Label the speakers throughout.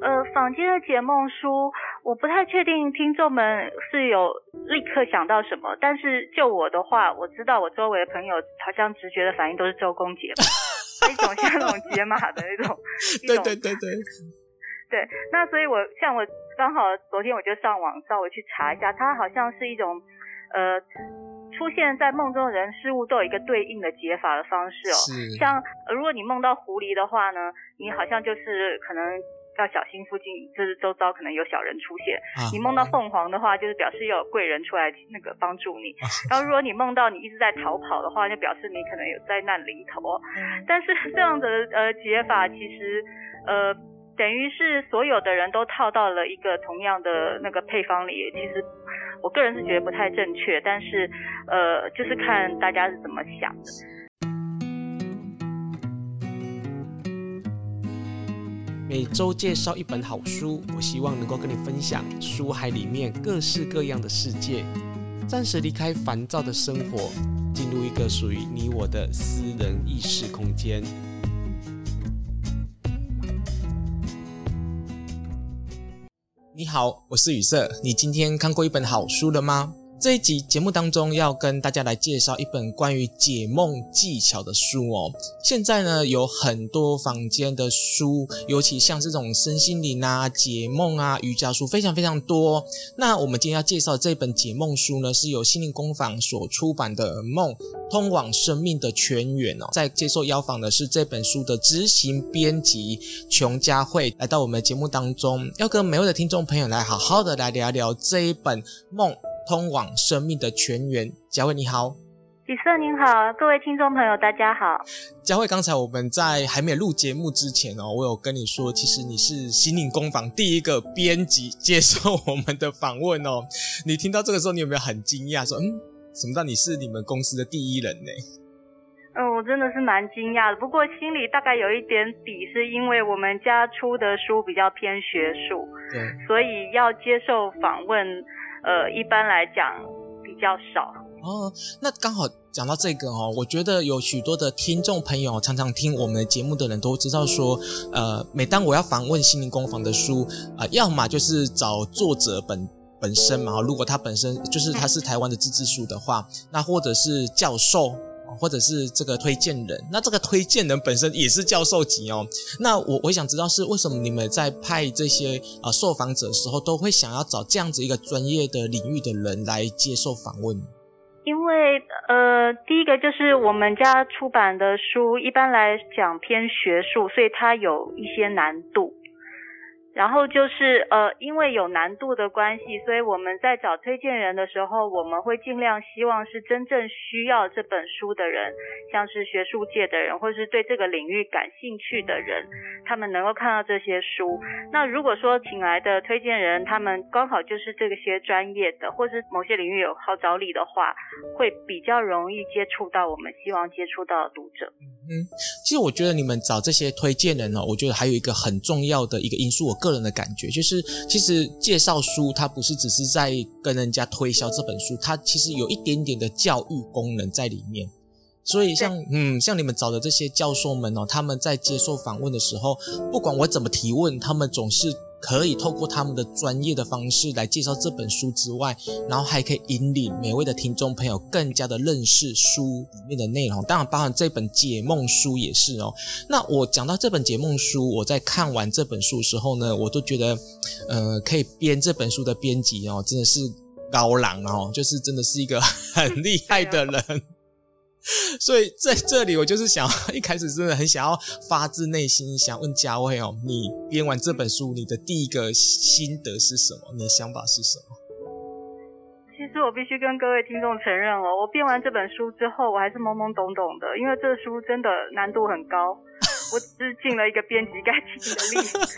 Speaker 1: 呃，坊間的解夢書，我不太確定聽眾們是有立刻想到什麼，但是就我的話，我知道我周圍的朋友好像直覺的反應都是周公解， 一種 解，一種像那種解碼的那
Speaker 2: 種。對對對對，
Speaker 1: 對。那所以我，我像我剛好昨天我就上網稍微去查一下，它好像是一種呃出現在夢中的人事物都有一個對應的解法的方式哦。像、呃、如果你夢到狐狸的話呢，你好像就是可能。要小心附近，就是周遭可能有小人出現。嗯，你夢到鳳凰的話，就是表示有貴人出來那個幫助你。然後如果你夢到你一直在逃跑的話，就表示你可能有災難臨頭。但是這樣的呃解法，其實呃等於是所有的人都套到了一個同樣的那個配方裡。其實我個人是覺得不太正確，但是呃就是看大家是怎麼想的。
Speaker 2: 每週介紹一本好書，我希望能夠跟你分享書海裡面各式各樣的世界，暫時離開煩躁的生活，進入一個屬於你我的私人意識空間。你好，我是宇色，你今天看過一本好書了嗎？這一集節目當中，要跟大家來介紹一本關於解夢技巧的書哦。現在呢，有很多坊間的書，尤其像這種身心靈啊、解夢啊、瑜伽書，非常非常多哦。那我們今天要介紹這本解夢書呢，是由心靈工坊所出版的《夢，通往生命的泉源》哦。在接受邀訪的是這本書的執行編輯裘佳慧，來到我們的節目當中，要跟每位的聽眾朋友來好好的來聊聊這一本夢通往生命的泉源。佳慧你好。
Speaker 1: 宇色你好，各位聽眾朋友大家
Speaker 2: 好。佳慧，剛才我們在還沒有錄節目之前哦，我有跟你說，其實你是心靈工坊第一個編輯接受我們的訪問哦。你聽到這個時候，你有沒有很驚訝？說嗯，怎麼知道你是你們公司的第一人呢？嗯，
Speaker 1: 我真的是蠻驚訝的，不過心裡大概有一點底，是因為我們家出的書比較偏學術，對、嗯，所以要接受訪問。呃，一般來講
Speaker 2: 比較少哦。那剛好講到這個哦，我覺得有許多的聽眾朋友常常聽我們的節目的人都知道說、嗯，呃，每當我要訪問心靈工坊的書啊、呃，要麼就是找作者本本身嘛，如果他本身就是他是台灣的自製書的話、嗯，那或者是教授。或者是這個推薦人，那這個推薦人本身也是教授級哦。那我我想知道是為什麼你們在派這些啊、呃、受訪者的時候，都會想要找這樣子一個專業的領域的人來接受訪問？
Speaker 1: 因為呃，第一個就是我們家出版的書一般來講偏學術，所以它有一些難度。然後就是呃，因為有難度的關係，所以我們在找推薦人的時候，我們會盡量希望是真正需要這本書的人，像是學術界的人，或是對這個領域感興趣的人，他們能夠看到這些書。那如果說請來的推薦人他們剛好就是這些專業的，或是某些領域有號召力的話，會比較容易接觸到我們希望接觸到的讀者。
Speaker 2: 嗯，其實我覺得你們找這些推薦人哦，我覺得還有一個很重要的一個因素，我個人的感覺就是，其實介紹書它不是只是在跟人家推銷這本書，它其實有一點點的教育功能在裡面。所以像嗯，像你們找的這些教授們哦，他們在接受訪問的時候，不管我怎麼提問，他們總是，可以透過他們的專業的方式來介紹這本書之外，然後還可以引領每位的聽眾朋友更加的認識書裡面的內容，當然包含這本解夢書也是哦。那我講到這本解夢書，我在看完這本書的時候呢，我都覺得，呃，可以編這本書的編輯哦，真的是高人哦，就是真的是一個很厲害的人。 所以在這裡，我就是想一開始真的很想要發自內心想問佳慧哦，你編完這本書，你的第一個心得是什麼？你的想法是什麼？
Speaker 1: 其實我必須跟各位聽眾承認哦，我編完這本書之後，我還是懵懵懂懂的，因為這書真的難度很高， 我只是盡了一個編輯該盡的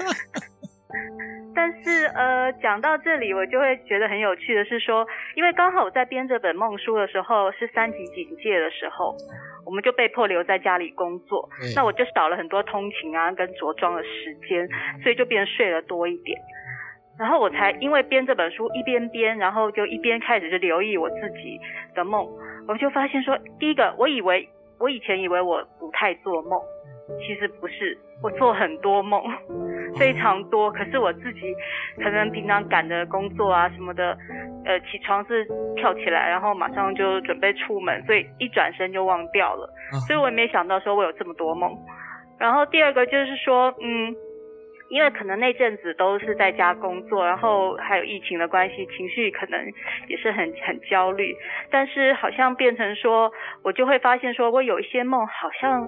Speaker 1: 力。 但是呃，講到這裡，我就會覺得很有趣的是說，因為剛好我在編這本夢書的時候是三級警戒的時候，我們就被迫留在家裡工作，嗯，那我就少了很多通勤啊跟着裝的時間，嗯，所以就變睡了多一點。然後我才因為編這本書一邊編，然後就一邊開始就留意我自己的夢，我就發現說，第一個，我以為我以前以為我不太做夢。其實不是，我做很多夢，非常多。可是我自己，可能平常趕着工作啊什麼的，呃，起床是跳起來，然後馬上就準備出門，所以一轉身就忘掉了。所以我也沒想到說我有這麼多夢。然後第二個就是說，嗯，因為可能那陣子都是在家工作，然後還有疫情的關係，情緒可能也是很很焦慮。但是好像變成說，我就會發現說，我有一些夢好像，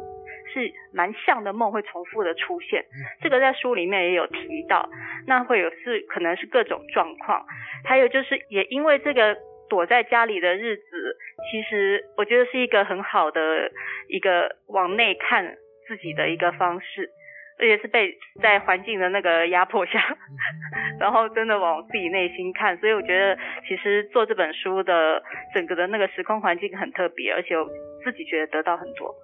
Speaker 1: 是蠻像的夢，會重複的出現，這個在書裡面也有提到。那會有是可能是各種狀況，還有就是也因為這個躲在家裡的日子，其實我覺得是一個很好的一個往內看自己的一個方式，而且是被在環境的那個壓迫下，然後真的往自己內心看。所以我覺得其實做這本書的整個的那個時空環境很特別，而且我自己覺得得到很多。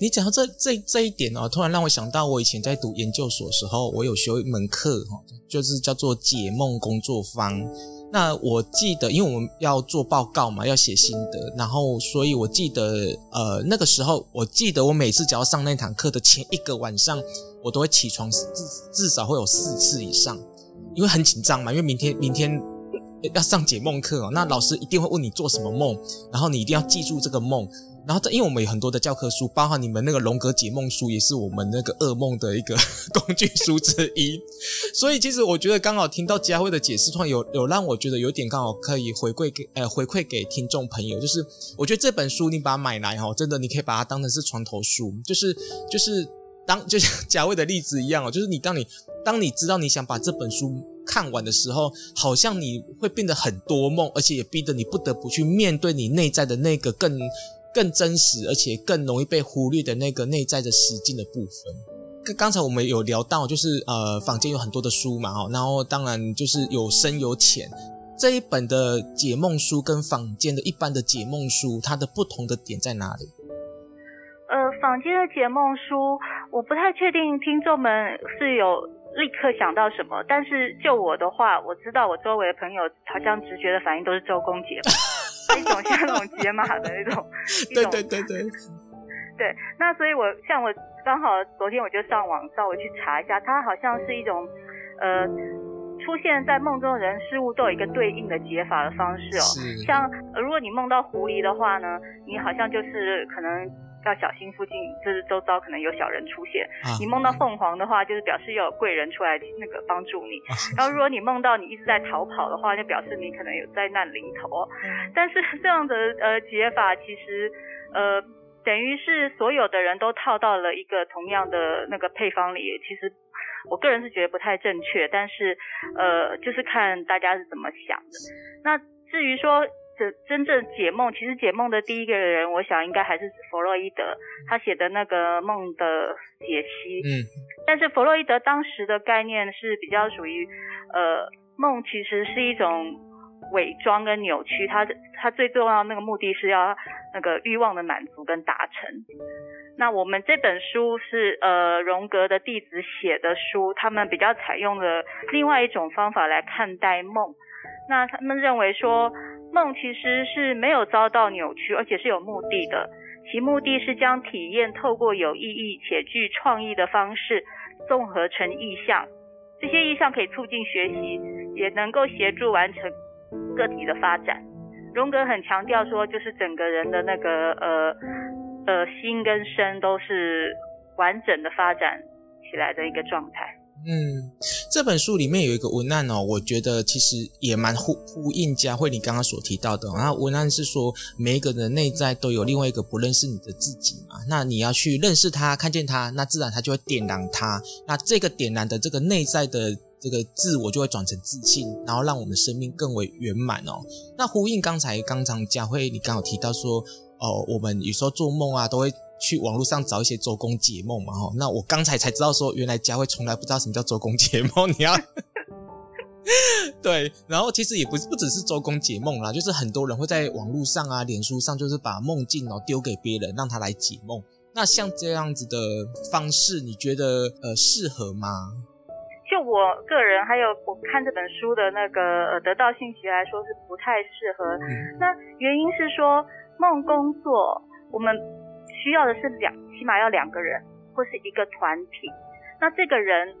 Speaker 2: 你講到這這這一點哦，突然讓我想到，我以前在讀研究所的時候，我有學一門課哈、哦，就是叫做解夢工作坊。那我記得，因為我們要做報告嘛，要寫心得，然後，所以我記得，呃，那個時候，我記得我每次只要上那堂課的前一個晚上，我都會起床至至少會有四次以上，因為很緊張嘛，因為明天明天要上解夢課哦，那老師一定會問你做什麼夢，然後你一定要記住這個夢。然後，因為我們有很多的教科書，包含你們那個《榮格解夢書》，也是我們那個噩夢的一個工具書之一。所以，其實我覺得剛好聽到佳慧的解釋，突然有有讓我覺得有點剛好可以回饋給呃回饋給聽眾朋友，就是我覺得這本書你把它買來哈，真的你可以把它當成是床頭書，就是就是當就像佳慧的例子一樣哦，就是你當你當你知道你想把這本書看完的時候，好像你會變得很多夢，而且也逼得你不得不去面對你內在的那個更。更真實，而且更容易被忽略的那個內在的實境的部分。剛剛才我們有聊到，就是呃坊間有很多的書嘛，哦，然後當然就是有深有淺。這一本的解夢書跟坊間的一般的解夢書，它的不同的點在哪裡？
Speaker 1: 呃，坊間的解夢書，我不太確定聽眾們是有立刻想到什麼，但是就我的話，我知道我周圍的朋友好像直覺的反應都是周公解夢。 一種像那種解碼的那種，一種，對對對對， 對。那所以我，我像我剛好昨天我就上網，稍微去查一下，它好像是一種，呃，出現在夢中的人事物都有一個對應的解法的方式哦。像，呃，如果你夢到狐狸的話呢，你好像就是可能。要小心附近，就是周遭可能有小人出現。你夢到鳳凰的話，就是表示又有貴人出來那個幫助你。然後如果你夢到你一直在逃跑的話，就表示你可能有災難臨頭。但是這樣的呃解法其實呃等於是所有的人都套到了一個同樣的那個配方裡。其實我個人是覺得不太正確，但是呃就是看大家是怎麼想的。那至於說。真正解夢，其實解夢的第一個人，我想應該還是弗洛伊德，他寫的那個夢的解析。嗯，但是弗洛伊德當時的概念是比較屬於，呃，夢其實是一種偽裝跟扭曲，他他最重要的那個目的是要那個欲望的滿足跟達成。那我們這本書是呃榮格的弟子寫的書，他們比較採用了另外一種方法來看待夢，那他們認為說。夢其實是沒有遭到扭曲，而且是有目的的。其目的是將體驗透過有意義且具創意的方式，綜合成意象。這些意象可以促進學習，也能夠協助完成個體的發展。榮格很強調說，就是整個人的那個呃呃心跟身都是完整的發展起來的一個狀態。
Speaker 2: 嗯，這本書裡面有一個文案哦，我覺得其實也蠻呼呼應佳慧你剛剛所提到的哦。然後文案是說，每一個人內在都有另外一個不認識你的自己嘛，那你要去認識他，看見他，那自然他就會點燃他。那這個點燃的這個內在的這個自我就會轉成自信，然後讓我們的生命更為圓滿哦。那呼應剛才剛常佳慧你剛好剛提到說，哦，我們有時候做夢啊都會。去網路上找一些周公解夢嘛？那我剛才才知道說，原來佳慧從來不知道什麼叫周公解夢。你要 對，然後其實也不不只是周公解夢啦，就是很多人會在網路上啊、臉書上，就是把夢境哦丟給別人，讓他來解夢。那像這樣子的方式，你覺得呃適合嗎？就我
Speaker 1: 個人還有我看這本書的那個呃得到信息，來說是不太適合。嗯。那原因是說夢工作我們。需要的是兩，起碼要兩個人或是一個團體。那這個人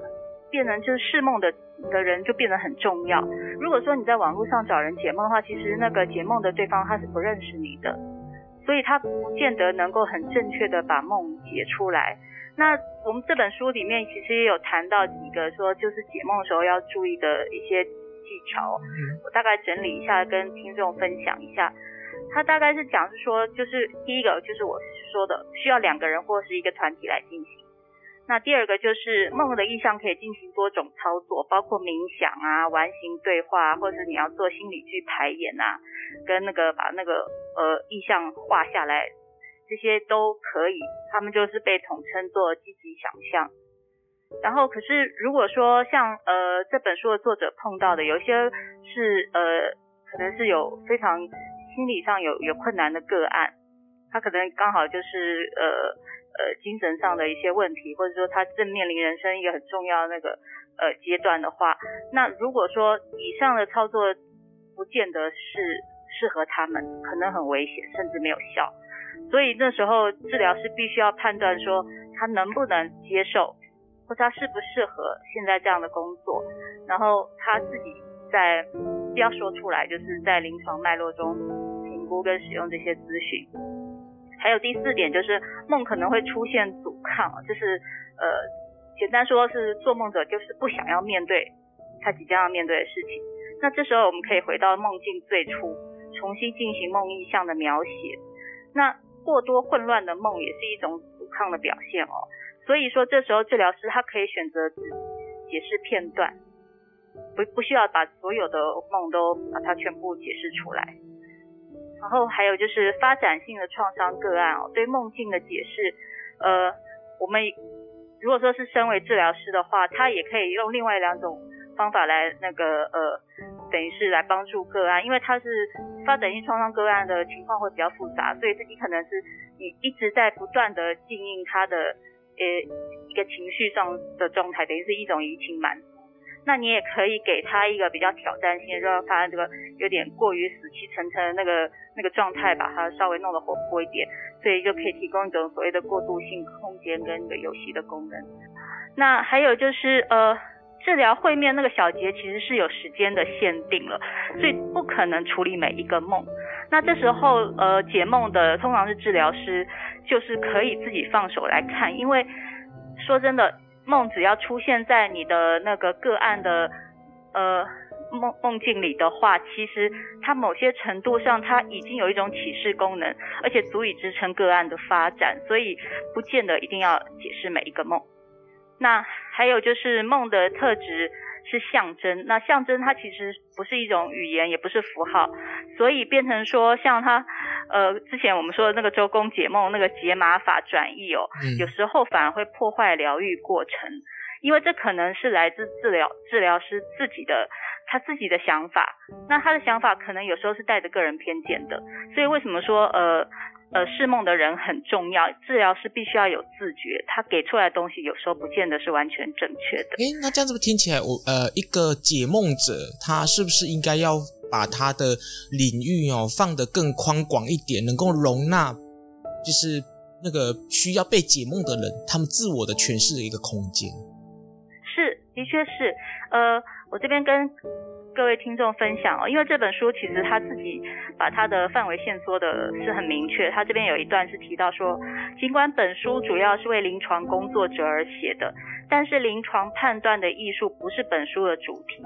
Speaker 1: 變成就是釋夢的的人就變得很重要。如果說你在網絡上找人解夢的話，其實那個解夢的對方他是不認識你的，所以他不見得能夠很正確的把夢解出來。那我們這本書裡面其實也有談到幾個說就是解夢的時候要注意的一些技巧。我大概整理一下跟聽眾分享一下，他大概是講是說就是第一個就是我。說的需要兩個人或是一個團體來進行。那第二個就是夢的意象可以進行多種操作，包括冥想啊、完形對話，或是你要做心理劇排演啊，跟那個把那個呃意象畫下來，這些都可以。他們就是被統稱做積極想象。然後可是如果說像呃這本書的作者碰到的，有些是呃可能是有非常心理上有有困難的個案。他可能剛好就是呃呃精神上的一些問題，或者說他正面臨人生一個很重要的那個呃階段的話，那如果說以上的操作不見得是適合他們，可能很危險，甚至沒有效。所以那時候治療師必須要判斷說他能不能接受，或他適不適合現在這樣的工作，然後他自己在不要說出來，就是在臨床脈絡中評估跟使用這些諮詢。還有第四點就是夢可能會出現阻抗，就是呃簡單說是做夢者就是不想要面對他即將要面對的事情。那這時候我們可以回到夢境最初，重新進行夢意象的描寫。那過多混亂的夢也是一種阻抗的表現哦，所以說這時候治療師他可以選擇只解釋片段，不不需要把所有的夢都把它全部解釋出來。然後還有就是發展性的創傷個案哦，對夢境的解釋，呃，我們如果說是身為治療師的話，他也可以用另外兩種方法來那個呃，等於是來幫助個案，因為他是發展性創傷個案的情況會比較複雜，所以自己可能是你一直在不斷的經營他的呃一個情緒上的狀態，等於是一種移情滿足。那你也可以給他一個比較挑戰性，讓他這個有點過於死氣沉沉的那個那個狀態，把它稍微弄得活潑一點，所以就可以提供一種所謂的過渡性空間跟一個遊戲的功能。那還有就是呃，治療會面那個小節其實是有時間的限定了，所以不可能處理每一個夢。那這時候呃，解夢的通常是治療師，就是可以自己放手來看，因為說真的。夢只要出現在你的那個個案的呃夢夢境裡的話，其實它某些程度上它已經有一種啟示功能，而且足以支撐個案的發展，所以不見得一定要解釋每一個夢。那還有就是夢的特質。是象徵，那象徵它其實不是一種語言，也不是符號，所以變成說像他呃，之前我們說的那個周公解夢那個解碼法轉譯哦、嗯，有時候反而會破壞療癒過程，因為這可能是來自治療治療師自己的他自己的想法，那他的想法可能有時候是帶着個人偏見的，所以為什麼說呃？呃，釋夢的人很重要，治療師必須要有自覺，他給出來的東西有時候不見得是完全正確的。
Speaker 2: 誒、欸，那這樣子不聽起來，我呃一個解夢者，他是不是應該要把他的領域哦放得更寬廣一點，能夠容納，就是那個需要被解夢的人他們自我的詮釋的一個空間？
Speaker 1: 是，的確，是，呃，我這邊跟各位聽眾分享哦，因為這本書其實他自己把他的範圍限縮的是很明確。他這邊有一段是提到說，儘管本書主要是為臨床工作者而寫的，但是臨床判斷的藝術不是本書的主題。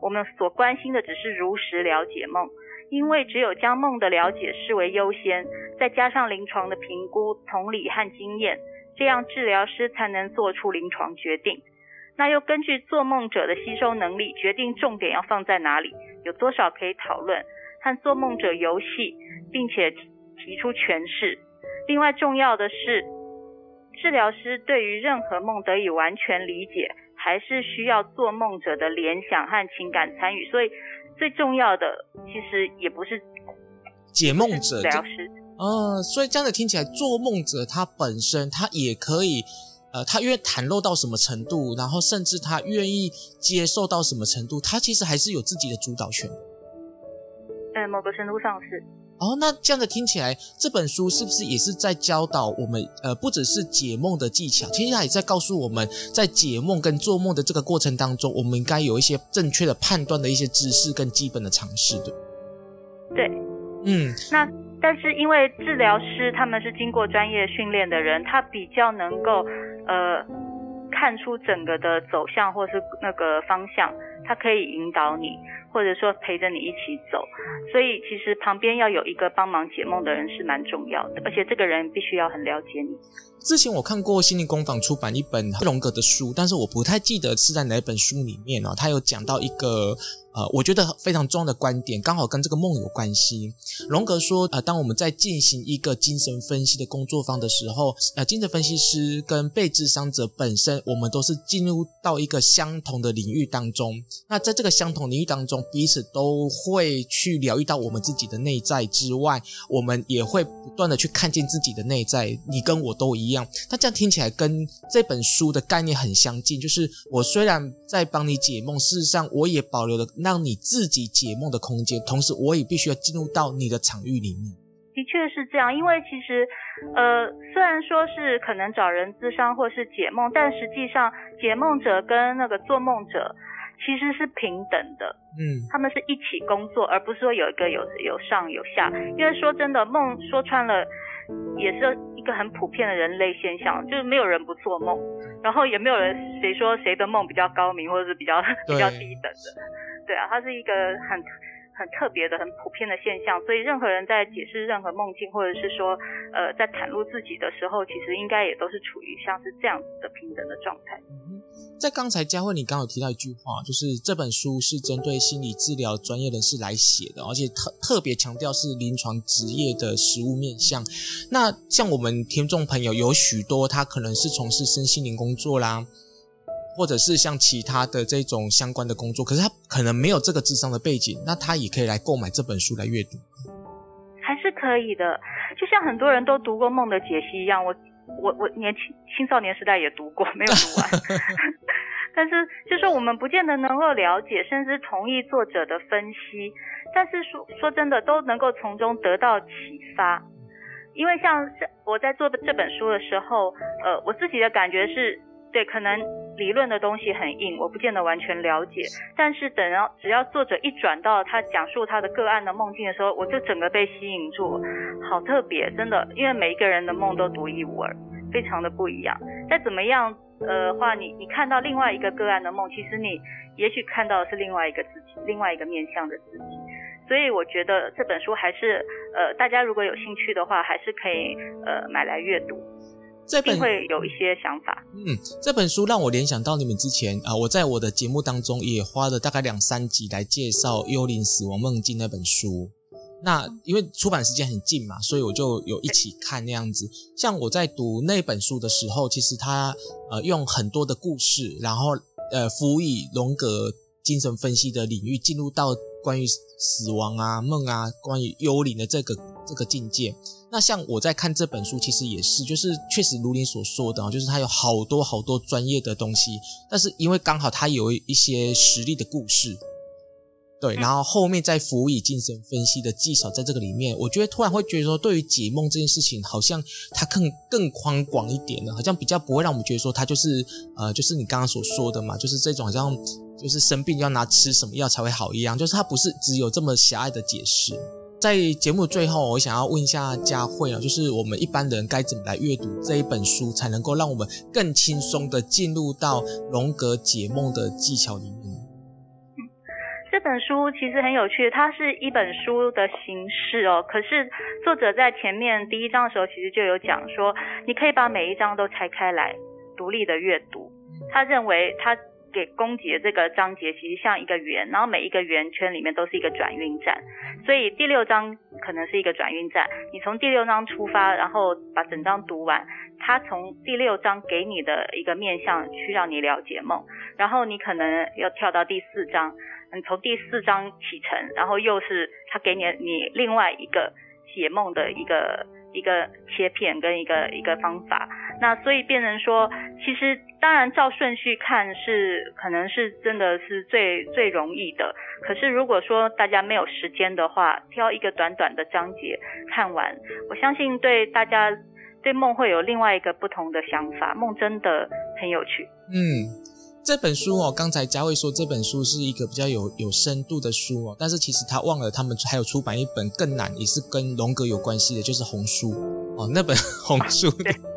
Speaker 1: 我們所關心的只是如實了解夢，因為只有將夢的了解視為優先，再加上臨床的評估、同理和經驗，這樣治療師才能做出臨床決定。那又根據做夢者的吸收能力，決定重點要放在哪裡，有多少可以討論，和做夢者遊戲，並且提出詮釋。另外，重要的是，治療師對於任何夢得以完全理解，還是需要做夢者的聯想和情感參與。所以，最重要的其實也不是
Speaker 2: 解夢者，治療師啊。所以這樣子聽起來，做夢者他本身他也可以。呃，他願意袒露到什麼程度，然後甚至他願意接受到什麼程度，他其實還是有自己的主導權的。在某
Speaker 1: 個程
Speaker 2: 度上是。哦，那這樣子聽起來，這本書是不是也是在教導我們？呃，不只是解夢的技巧，聽起來也在告訴我們，在解夢跟做夢的這個過程當中，我們應該有一些正確的判斷的一些知識跟基本的常識，對。嗯。
Speaker 1: 那。但是因為治療師他們是經過專業訓練的人，他比較能夠呃看出整個的走向或是那個方向，他可以引導你，或者說陪着你一起走。所以其實旁邊要有一個幫忙解夢的人是蠻重要的，而且這個人必須要很了解你。
Speaker 2: 之前我看過心靈工坊出版一本榮格的書，但是我不太記得是在哪一本書裡面哦，他有講到一個。呃，我覺得非常重要的觀點，剛好跟這個夢有關係。榮格說，呃，當我們在進行一個精神分析的工作坊的時候，呃，精神分析師跟被諮商者本身，我們都是進入到一個相同的領域當中。那在這個相同領域當中，彼此都會去療癒到我們自己的內在之外，我們也會不斷的去看見自己的內在。你跟我都一樣。那這樣聽起來跟這本書的概念很相近，就是我雖然在幫你解夢，事實上我也保留了。讓你自己解夢的空間，同時我也必須要進入到你的場域裡面。
Speaker 1: 的確是這樣，因為其實，呃，雖然說是可能找人諮商或是解夢，但實際上解夢者跟那個做夢者其實是平等的，嗯，他們是一起工作，而不是說有一個有有上有下。因為說真的，夢說穿了也是一個很普遍的人類現象，就是沒有人不做夢，然後也沒有人誰說誰的夢比較高明或者是比較比較低等的。對啊，它是一個很很特別的、很普遍的現象。所以，任何人在解釋任何夢境，或者是說，呃，在袒露自己的時候，其實應該也都是處於像是這樣子的平等的狀態。嗯，
Speaker 2: 在剛才佳慧，你剛剛有提到一句話，就是這本書是針對心理治療專業人士來寫的，而且特特別強調是臨床職業的實務面向。那像我們聽眾朋友，有許多他可能是從事身心靈工作啦，或者是像其他的這種相關的工作，可是他。可能沒有這個智商的背景，那他也可以來購買這本書來閱讀，
Speaker 1: 還是可以的。就像很多人都讀過《夢的解析》一樣，我我我年輕青少年時代也讀過，沒有讀完。 但是，就是我們不見得能夠了解，甚至同意作者的分析。但是說說真的，都能夠從中得到啟發。因為像我在做的這本書的時候，呃，我自己的感覺是。對，可能理論的東西很硬，我不見得完全了解。但是等到只要作者一轉到他講述他的個案的夢境的時候，我就整個被吸引住，好特別，真的，因為每一個人的夢都獨一無二，非常的不一樣。再怎麼樣的話，呃，話你你看到另外一個個案的夢，其實你也許看到的是另外一個自己，另外一個面向的自己。所以我覺得這本書還是，呃，大家如果有興趣的話，還是可以呃買來閱讀。這本一定會有
Speaker 2: 一些想法。嗯，這本書讓我聯想到你們之前啊、呃，我在我的節目當中也花了大概兩三集來介紹《幽靈死亡夢境》那本書。那因為出版時間很近嘛，所以我就有一起看那樣子。像我在讀那本書的時候，其實它呃用很多的故事，然後呃輔以榮格精神分析的領域，進入到。關於死亡啊、夢啊、關於幽靈的這個這個境界，那像我在看這本書，其實也是，就是確實如您所說的啊，就是它有好多好多專業的東西，但是因為剛好它有一些實例的故事，對，然後後面再輔以精神分析的技巧，在這個裡面，我覺得突然會覺得說，對於解夢這件事情，好像它更更寬廣一點了，好像比較不會讓我們覺得說它就是呃，就是你剛剛所說的嘛，就是這種好像。就是生病要拿吃什麼藥才會好一樣，就是它不是只有這麼狹隘的解釋。在節目最後，我想要問一下佳慧啊，就是我們一般人該怎麼來閱讀這一本書，才能夠讓我們更輕鬆的進入到榮格解夢的技巧裡面呢？嗯，
Speaker 1: 這本書其實很有趣，它是一本書的形式哦。可是作者在前面第一章的時候，其實就有講說，你可以把每一章都拆開來獨立的閱讀。他認為他。給攻結這個章節其實像一個圓，然後每一個圓圈裡面都是一個轉運站，所以第六章可能是一個轉運站。你從第六章出發，然後把整章讀完，他從第六章給你的一個面向去讓你了解夢，然後你可能要跳到第四章，你從第四章啟程，然後又是他給你你另外一個解夢的一個。一個切片跟一個一個方法，那所以變成說，其實當然照順序看是可能是真的是最最容易的。可是如果說大家沒有時間的話，挑一個短短的章節看完，我相信對大家對夢會有另外一個不同的想法。夢真的很有趣，
Speaker 2: 嗯。這本書哦，剛才佳慧說，這本書是一個比較有有深度的書哦，但是其實她忘了他們還有出版一本更難，也是跟榮格有關係的，就是紅書哦，那本紅書。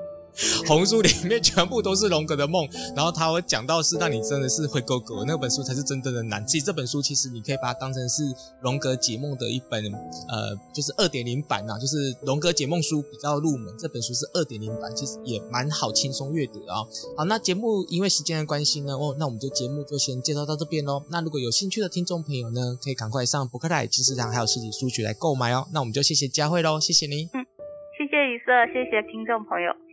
Speaker 2: 紅書裡面全部都是榮格的夢，然後他會講到是，那你真的是會哥哥，那本書才是真正的難記。這本書其實你可以把它當成是榮格解夢的一本，呃，就是二點零版啊。就是榮格解夢書比較入門，這本書是二點零版，其實也蠻好輕鬆閱讀啊、哦。好，那節目因為時間的關係呢，哦，那我們就節目就先介紹到這邊嘍。那如果有興趣的聽眾朋友呢，可以趕快上博客來、金石堂還有實體書局來購買哦。那我們就謝謝佳慧嘍，謝謝你。嗯，謝謝宇
Speaker 1: 色，謝謝聽眾朋友。